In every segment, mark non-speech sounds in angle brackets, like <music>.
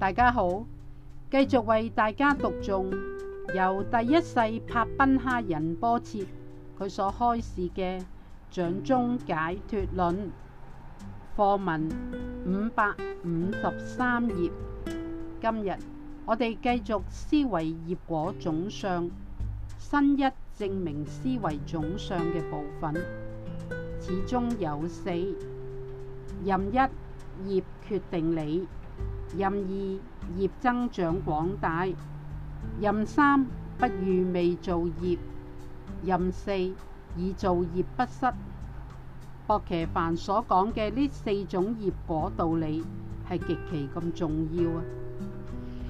大家好，繼續為大家讀誦由第一世帕賓哈仁波切佢所開示嘅《掌中解脫論》課文五百五十三頁。今日我哋繼續思維業果總相，新一證明思維總相嘅部分。此中有四，任一業決定理。任二業增長廣大，任三不如未造業，任四已造業不失。薄伽梵所講嘅呢四種業果道理係極其咁重要啊！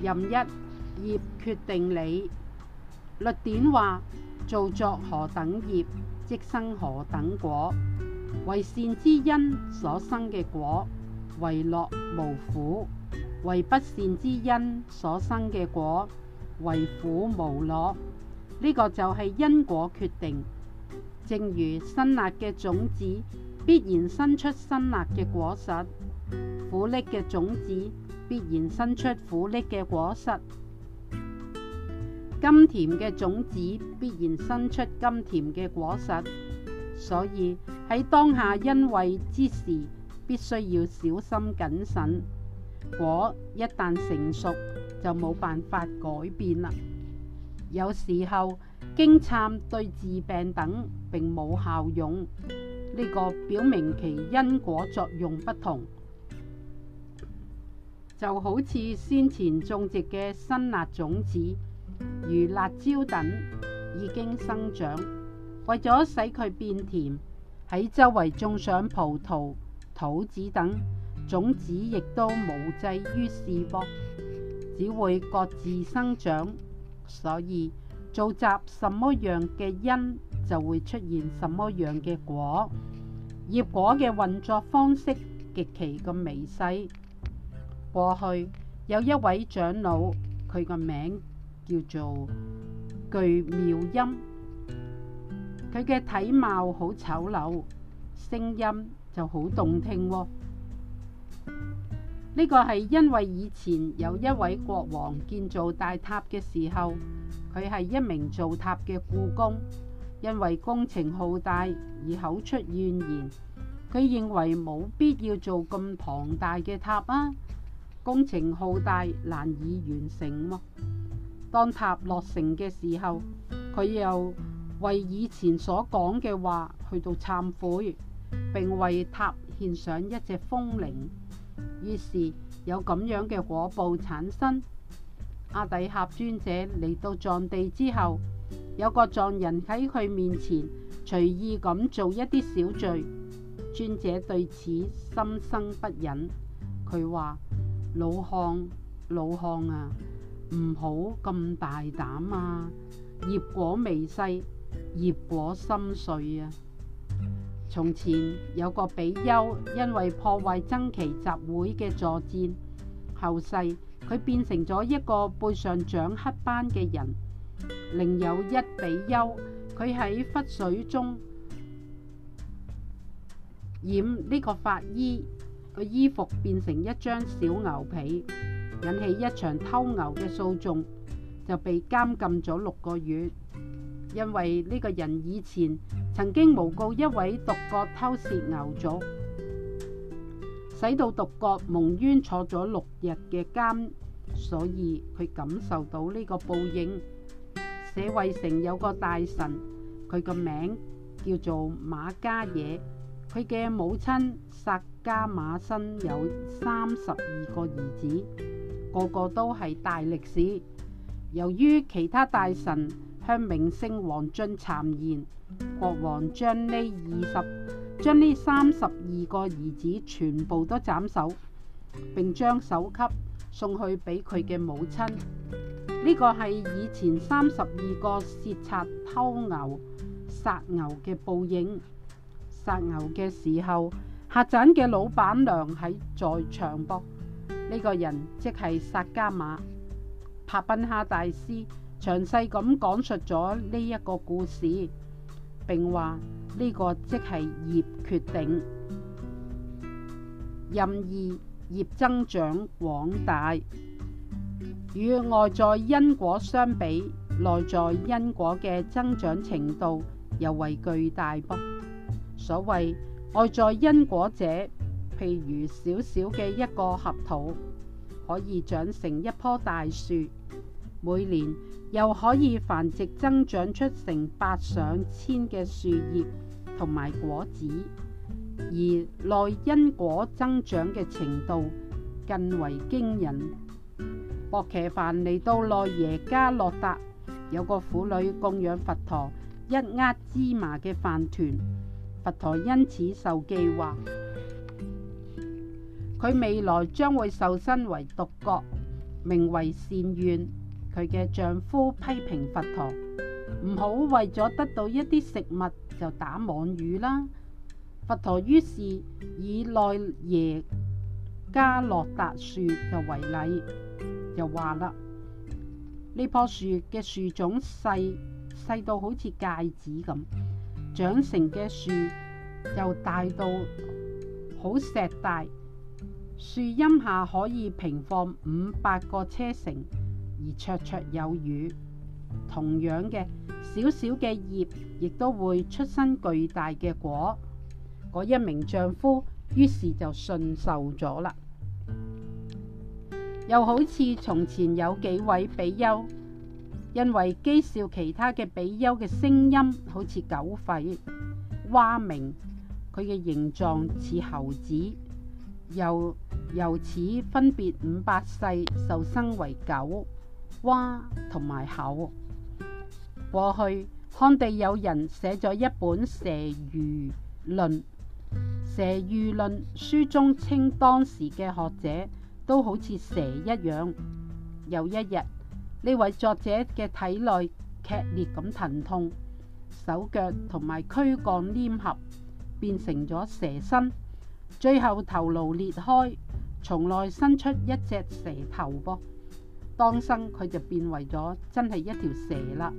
任一業決定理，律典話：造作何等業，即生何等果，為善之因所生嘅果，為樂無苦。為不善之因所生嘅果，為苦無樂，呢、這個就係因果決定。正如辛辣嘅種子必然生出辛辣嘅果實，苦力嘅種子必然生出苦力嘅果實，甘甜嘅種子必然生出甘甜嘅果實。所以喺當下因為之時，必須要小心謹慎。果一旦成熟就冇辦法改變啦。有時候經懺對治病等並冇效用，呢個表明其因果作用不同。就好似先前種植嘅辛辣種子，如辣椒等已經生長，為咗使佢變甜，喺周圍種上葡萄、桃子等。種子亦都無濟於事噃，只會各自生長。所以做集什麼樣嘅因，就會出現什麼樣嘅果。業果嘅運作方式極其咁微細。過去有一位長老，佢個名叫做巨妙音，佢嘅體貌好醜陋，聲音就好動聽喎。呢個係因為以前有一位國王建造大塔嘅時候，佢係一名造塔嘅僱工，因為工程浩大而口出怨言。佢認為冇必要做咁龐大嘅塔啊，工程浩大難以完成咯。當塔落成嘅時候，佢又為以前所講嘅話去到懺悔，並為塔獻上一隻風鈴。於是有咁樣嘅果報產生。阿底峽尊者嚟到藏地之後，有個藏人喺佢面前隨意咁做一啲小罪，尊者對此心生不忍。佢話：老漢，老漢啊，唔好咁大膽啊！業果微細，業果深碎啊！從前有個比丘，因為破壞僧祇集會嘅助戰，後世佢變成咗一個背上長黑斑嘅人。另有一比丘，佢喺忽水中染呢個法衣個衣服，變成一張小牛皮，引起一場偷牛嘅訴訟，就被監禁咗六個月，因為呢個人以前。曾經誤告一位獨覺偷竊牛隻，使到獨覺蒙冤坐咗六日嘅監，所以佢感受到呢個報應。舍衛城有個大臣，佢個名叫做馬家野，佢嘅母親薩家馬身有三十二個兒子，個個都係大力士。由於其他大臣向明星王進讒言。國王將呢二十將呢三十二個兒子全部都斬首，並將首級送去俾佢嘅母親。呢個係以前三十二個竊賊偷牛殺牛嘅報應。殺牛嘅時候，客棧嘅老闆娘喺在，在場噃。呢個人即係薩加馬帕賓哈大師，詳細咁講述咗呢一個故事。並話呢、這個即係業決定，任意業增長廣大，與外在因果相比，內在因果嘅增長程度尤為巨大噃。所謂外在因果者，譬如小小嘅一個核桃，可以長成一棵大樹。每年又可以繁殖增長出成百上千嘅樹葉同埋果子，而內因果增長嘅程度更為驚人。薄茄飯嚟到內耶加洛達，有個婦女供養佛陀一壓芝麻嘅飯團，佛陀因此受記話，佢未來將會受身為獨覺，名為善願。佢嘅丈夫批評佛陀唔好為咗得到一啲食物就打網魚啦。佛陀於是以內耶加洛達樹就為例，就話啦：呢棵樹嘅樹種細細到好似戒指咁，長成嘅樹又大到好碩大，樹陰下可以平放五百個車乘。而綽綽有餘，同樣嘅小小嘅葉，亦都會出生巨大嘅果。嗰一名丈夫於是就信受咗啦。又好似從前有幾位比丘，因為譏笑其他嘅比丘嘅聲音好似狗吠、蛙鳴，佢嘅形狀似猴子，又由，由此分別五百世受生為狗。蛙同埋口。過去漢地有人寫咗一本蛇魚《蛇喻論》，《蛇喻論》書中稱當時嘅學者都好似蛇一樣。有一日，呢位作者嘅體內劇烈咁疼痛，手腳同埋軀幹黏合，變成咗蛇身，最後頭顱裂開，從內伸出一隻蛇頭噃。當生佢就變為咗真係一條蛇啦。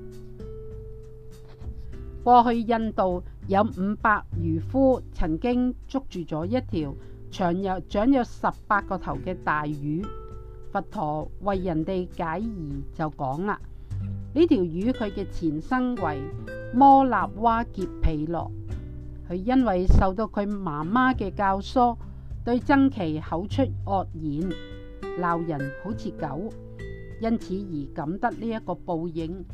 過去印度有五百漁夫曾經捉住咗一條長有長有十八個頭嘅大魚。佛陀為人哋解疑就講啦，呢條魚佢嘅前生為摩納哇杰皮諾，佢因為受到佢媽媽嘅教唆，對曾奇口出惡言，鬧人好似狗。因此而感得呢一個報應。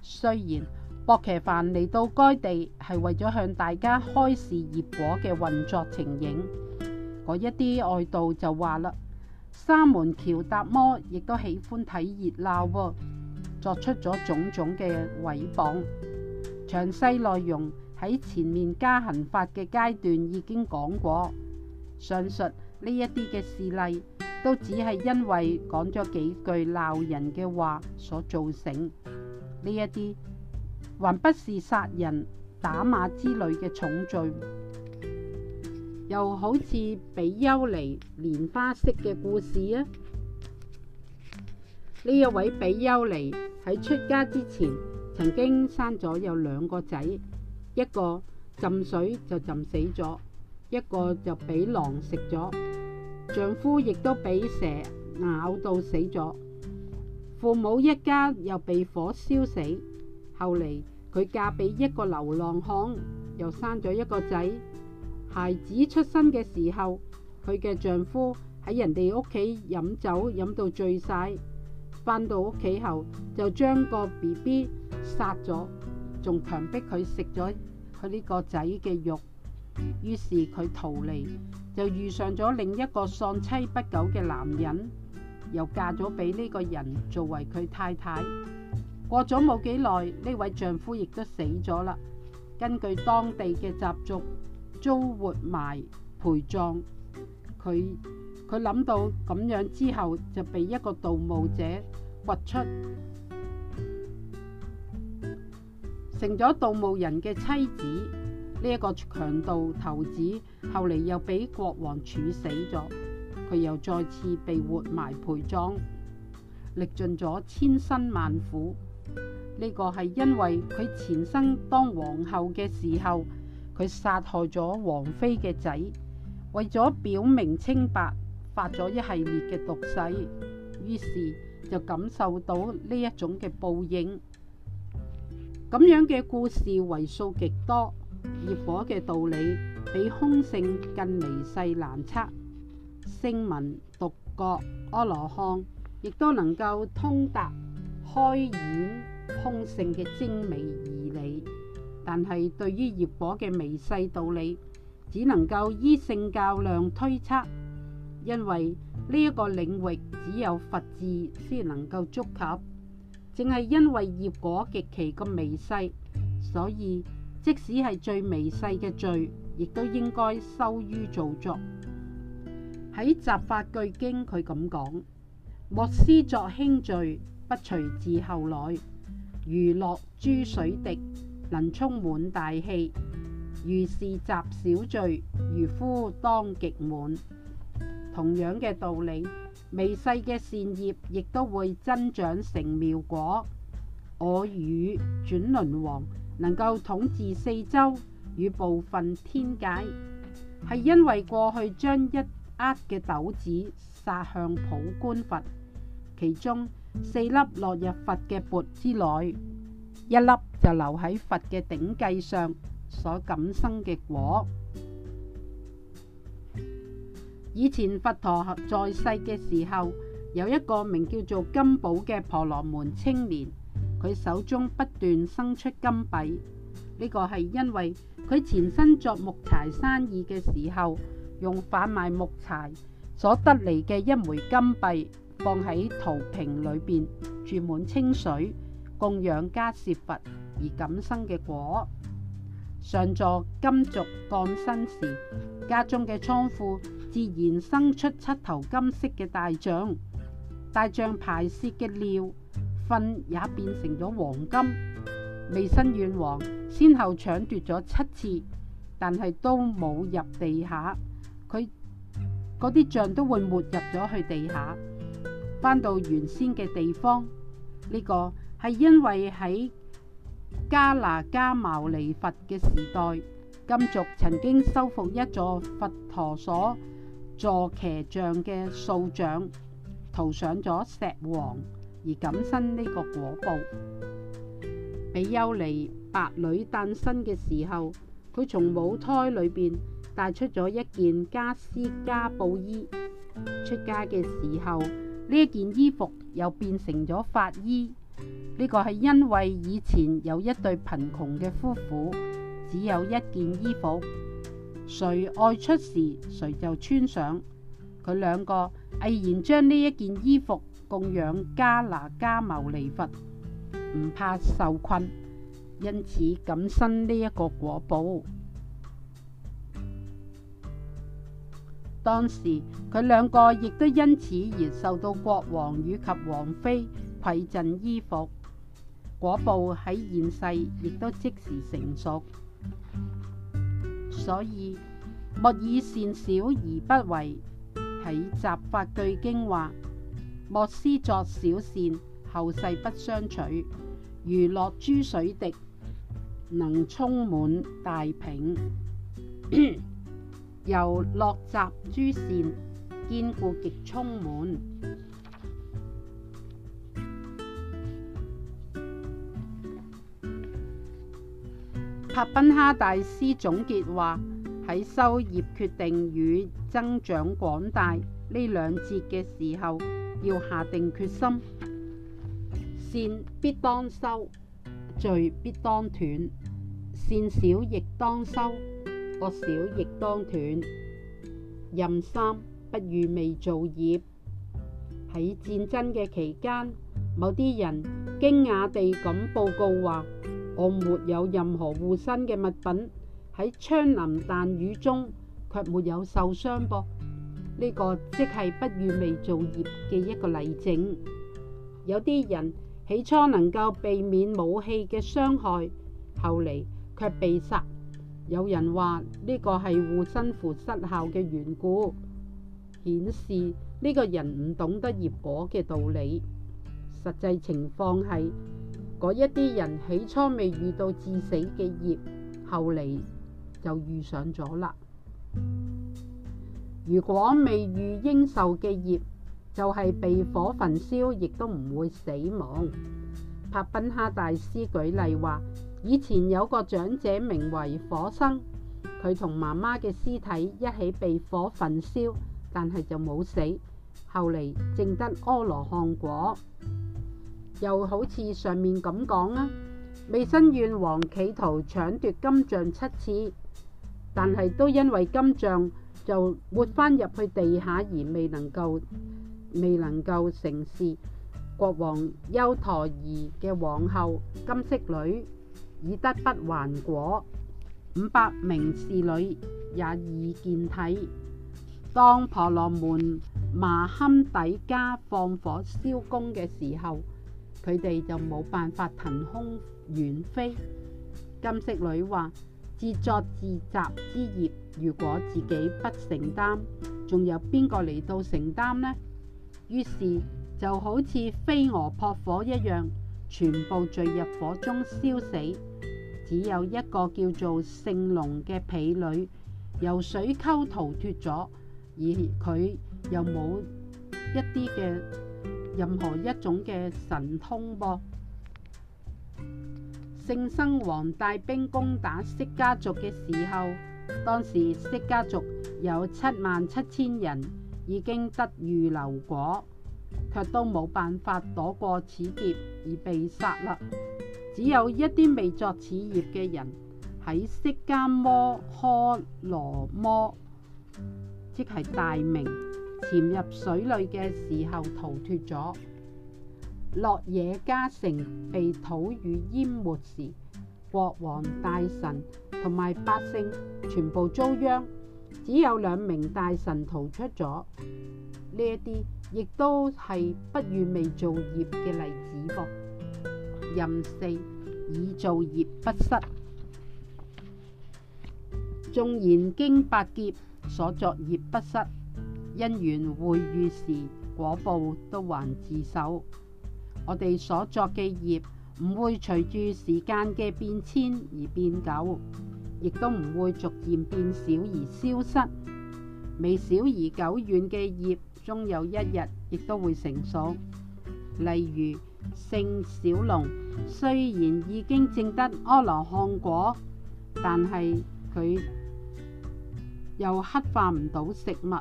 雖然博騎犯嚟到該地係為咗向大家開示業果嘅運作情形，嗰一啲外道就話啦，三門喬達摩亦都喜歡睇熱鬧喎，作出咗種種嘅毀謗。詳細內容喺前面加行法嘅階段已經講過。上述呢一啲嘅事例，都只係因為講咗幾句鬧人嘅話所造成。呢一啲，還不是殺人打罵之類嘅重罪。又好似比丘尼蓮花式嘅故事啊！呢一位比丘尼喺出家之前曾經生咗有兩個仔，一個浸水就浸死咗，一個就俾狼食咗。丈夫亦都俾蛇咬到死咗，父母一家又被火燒死。後嚟佢嫁俾一個流浪漢，又生咗一個仔。孩子出生嘅時候，佢嘅丈夫喺人哋屋企飲酒飲到醉晒，翻到屋企後就將個 BB 殺咗，仲強迫佢食咗佢呢個仔嘅肉。於是佢逃離，就遇上咗另一個喪妻不久嘅男人，又嫁咗俾呢個人作為佢太太。過咗冇幾耐，呢位丈夫亦都死咗啦。根據當地嘅習俗，遭活埋陪葬。佢佢諗到咁樣之後，就被一個盜墓者掘出，成咗盜墓人嘅妻子。呢一個強盜頭子後嚟又俾國王處死咗，佢又再次被活埋陪葬，歷盡咗千辛萬苦。呢個係因為佢前生當皇后嘅時候，佢殺害咗王妃嘅仔，為咗表明清白，發咗一系列嘅毒誓，於是就感受到呢一種嘅報應。咁樣嘅故事為數極多。業果嘅道理比空性更微細難測，聲聞獨覺阿羅漢亦都能夠通達開演空性嘅精微義理，但係對於業果嘅微細道理，只能夠依聖教量推測，因為呢一個領域只有佛智先能夠觸及，正係因為業果極其咁微細，所以。即使係最微細嘅罪，亦都應該收於造作。喺《集法句經》，佢咁講：莫思作輕罪，不隨自後來。如落諸水滴，能充滿大氣；如是集小罪，如夫當極滿。同樣嘅道理，微細嘅善業亦都會增長成妙果。我與轉輪王，能夠統治四周與部分天界，係因為過去將一握嘅豆子撒向普觀佛，其中四粒落入佛嘅鉢之內，一粒就留喺佛嘅頂髻上所感生嘅果。以前佛陀在世嘅時候，有一個名叫做金寶嘅婆羅門青年。佢手中不斷生出金幣，呢個係因為佢前身作木柴生意嘅時候，用販賣木柴所得嚟嘅一枚金幣，放喺陶瓶裏邊，注滿清水，供養迦葉佛而感生嘅果。上座金族降生時，家中嘅倉庫自然生出七頭金色嘅大象，大象排泄嘅尿、糞也變成咗黃金，未生怨王先後搶奪咗七次，但係都冇入地下。佢嗰啲像都會沒入咗去地下，返到原先嘅地方。呢、這個係因為喺加拿加牟尼佛嘅時代，金族曾經修復一座佛陀所座騎像嘅塑像，塗上咗石黃。而感身呢個果報，比丘尼白女誕生嘅時候，佢從母胎裏邊帶出咗一件袈裟加布衣。出家嘅時候，呢一件衣服又變成咗法衣。呢、這個係因為以前有一對貧窮嘅夫婦，只有一件衣服，誰外出時誰就穿上。佢兩個毅然將呢一件衣服，供養迦拿加牟尼佛唔怕受困，因此感生呢一個果報。當時佢兩個亦都因此而受到國王與及王妃饋贈衣服。果報喺現世亦都即時成熟，所以莫以善小而不為。喺《雜法句經》話。莫斯作小善，後世不相取；如落珠水滴，能充滿大瓶； <coughs> 由落集諸善，堅固極充滿。帕賓哈大師總結話喺收業決定與增長廣大呢兩節嘅時候。要下定決心，善必當修，罪必當斷，善小亦當修，惡小亦當斷。任三不如未造業。喺戰爭嘅期間，某啲人驚訝地咁報告話：我沒有任何護身嘅物品，喺槍林彈雨中卻沒有受傷噃。呢個即係不預未造業嘅一個例證。有啲人起初能夠避免武器嘅傷害，後嚟卻被殺。有人話呢個係護身符失效嘅緣故，顯示呢個人唔懂得業果嘅道理。實際情況係嗰一啲人起初未遇到致死嘅業，後嚟就遇上咗啦。如果未遇應受嘅業，就係、是、被火焚燒，亦都唔會死亡。帕賓哈大師舉例話，以前有個長者名為火生，佢同媽媽嘅屍體一起被火焚燒，但係就冇死，後嚟證得阿羅漢果。又好似上面咁講啊，未生怨王企圖搶奪金像七次，但係都因為金像，就沒翻入去地下而未能夠未能夠成事。國王丘陀兒嘅皇后金色女以得不還果，五百名侍女也已見體。當婆羅門麻堪底加放火燒宮嘅時候，佢哋就冇辦法騰空遠飛。金色女話。自作自責之業，如果自己不承擔，仲有邊個嚟到承擔呢？於是就好似飛蛾撲火一樣，全部墜入火中燒死。只有一個叫做聖龍嘅婢女由水溝逃脫咗，而佢又冇一啲嘅任何一種嘅神通噃。聖生王帶兵攻打釋迦族嘅時候，當時釋迦族有七萬七千人，已經得預流果，卻都冇辦法躲過此劫而被殺啦。只有一啲未作此業嘅人，喺釋迦摩訶羅摩，即係大明潛入水裏嘅時候逃脱咗。洛野嘉城被土雨淹沒時，國王大臣同埋百姓全部遭殃，只有兩名大臣逃出咗。呢一啲亦都係不願未做業嘅例子噃。任四已做業不失，縱然經百劫所作業不失，因緣會遇時果報都還自受。我哋所作嘅業唔會隨住時間嘅變遷而變舊，亦都唔會逐漸變小而消失。微小而久遠嘅業，終有一日亦都會成熟。例如聖小龍，雖然已經證得阿羅漢果，但係佢又乞化唔到食物。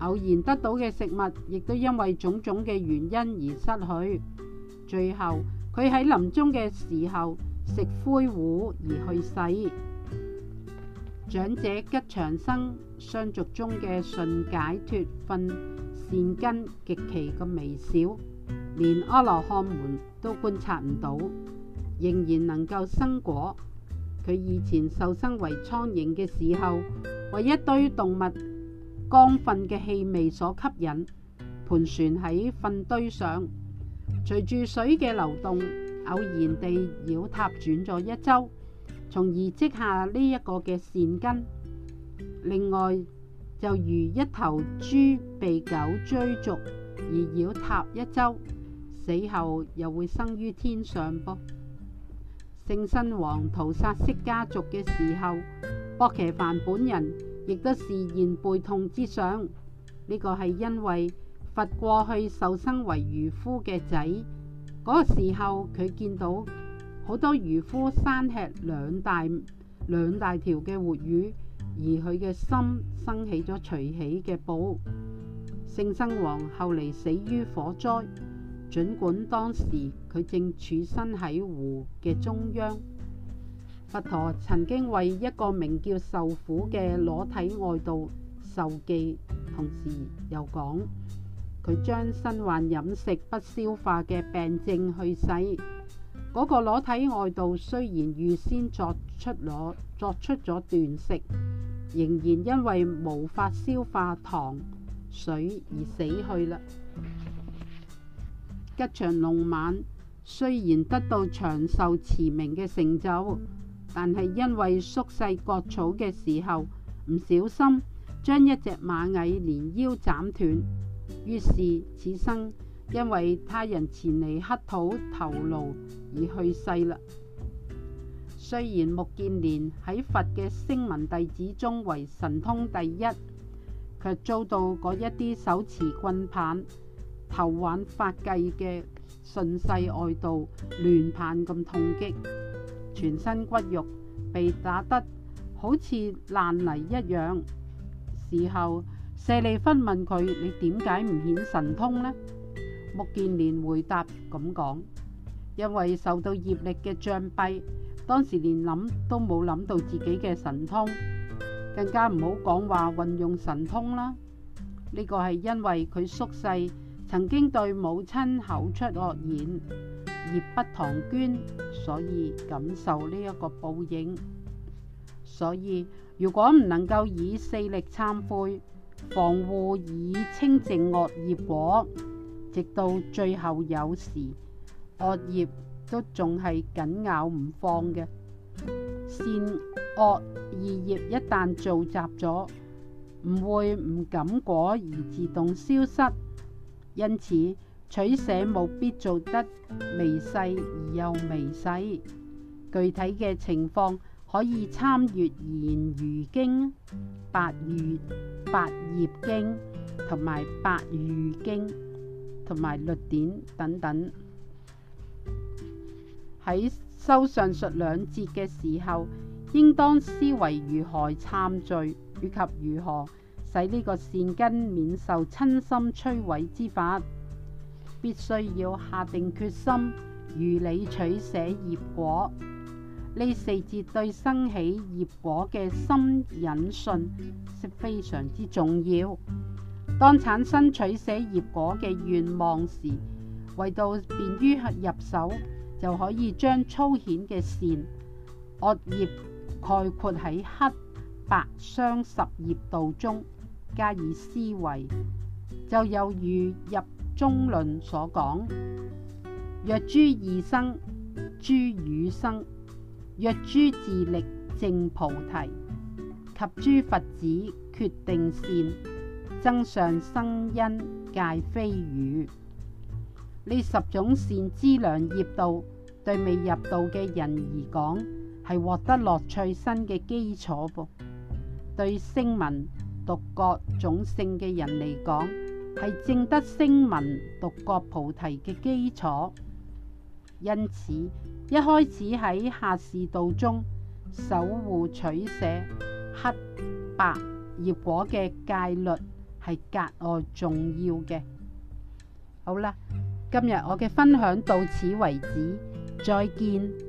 偶然得到嘅食物，亦都因為種種嘅原因而失去。最後，佢喺臨終嘅時候食灰糊而去世。長者吉祥生，相續中嘅信解脫分善根極其嘅微小，連阿羅漢們都觀察唔到，仍然能夠生果。佢以前受生為蒼蠅嘅時候，為一堆動物。光糞嘅氣味所吸引，盤旋喺糞堆上，隨住水嘅流動，偶然地繞塔轉咗一周，從而積下呢一個嘅善根。另外，就如一頭豬被狗追逐而繞塔一周，死後又會生於天上噃。聖身王屠殺釋家族嘅時候，博奇范本人。亦都示現背痛之想，呢個係因為佛過去受生為漁夫嘅仔，嗰、那個時候佢見到好多漁夫生吃兩大兩大條嘅活魚，而佢嘅心生起咗隨喜嘅報。聖生王後嚟死於火災，盡管當時佢正處身喺湖嘅中央。佛陀曾經為一個名叫受苦嘅裸體外道授記，同時又講佢將身患飲食不消化嘅病症去世。嗰、那個裸體外道雖然預先作出咗作出咗斷食，仍然因為無法消化糖水而死去啦。吉祥龍晚雖然得到長壽慈名嘅成就。但係因為宿世割草嘅時候唔小心將一隻螞蟻連腰斬斷，於是此生因為他人前嚟乞討頭顱而去世啦。雖然目犍連喺佛嘅聲聞弟子中為神通第一，卻遭到嗰一啲手持棍棒、頭挽髮髻嘅順世外道亂棒咁痛擊。全身骨肉被打得好似爛泥一樣。事後，舍利弗問佢：你點解唔顯神通呢？目犍連回答咁講：因為受到業力嘅障蔽，當時連諗都冇諗到自己嘅神通，更加唔好講話運用神通啦。呢、這個係因為佢宿世曾經對母親口出惡言，業不唐捐。所以感受呢一個報應。所以如果唔能夠以四力懺悔，防護以清淨惡業果，直到最後有時惡業都仲係緊咬唔放嘅。善惡二業，業一旦做集咗，唔會唔感果而自動消失。因此。取捨務必做得微細而又微細，具體嘅情況可以參閱《賢愚經》、《百業百業經》同埋《百喻經》同埋《律典》等等。喺修上述兩節嘅時候，應當思維如何懺罪以及如何使呢個善根免受瞋心摧毀之法。必須要下定決心，如理取捨業果。呢四節對生起業果嘅深忍信是非常之重要。當產生取捨業果嘅願望時，為到便於入手，就可以將粗顯嘅善惡業概括喺黑白雙十業道中加以思維，就有如入。中論所講，若諸異生諸語生，若諸自力證菩提及諸佛子決定善，增上生因戒非餘。呢十種善知良業道，對未入道嘅人而講，係獲得樂趣身嘅基礎噃。對聲聞獨覺種姓嘅人嚟講，係正得聲聞獨覺菩提嘅基礎，因此一開始喺下士道中守護取捨黑白業果嘅戒律係格外重要嘅。好啦，今日我嘅分享到此為止，再見。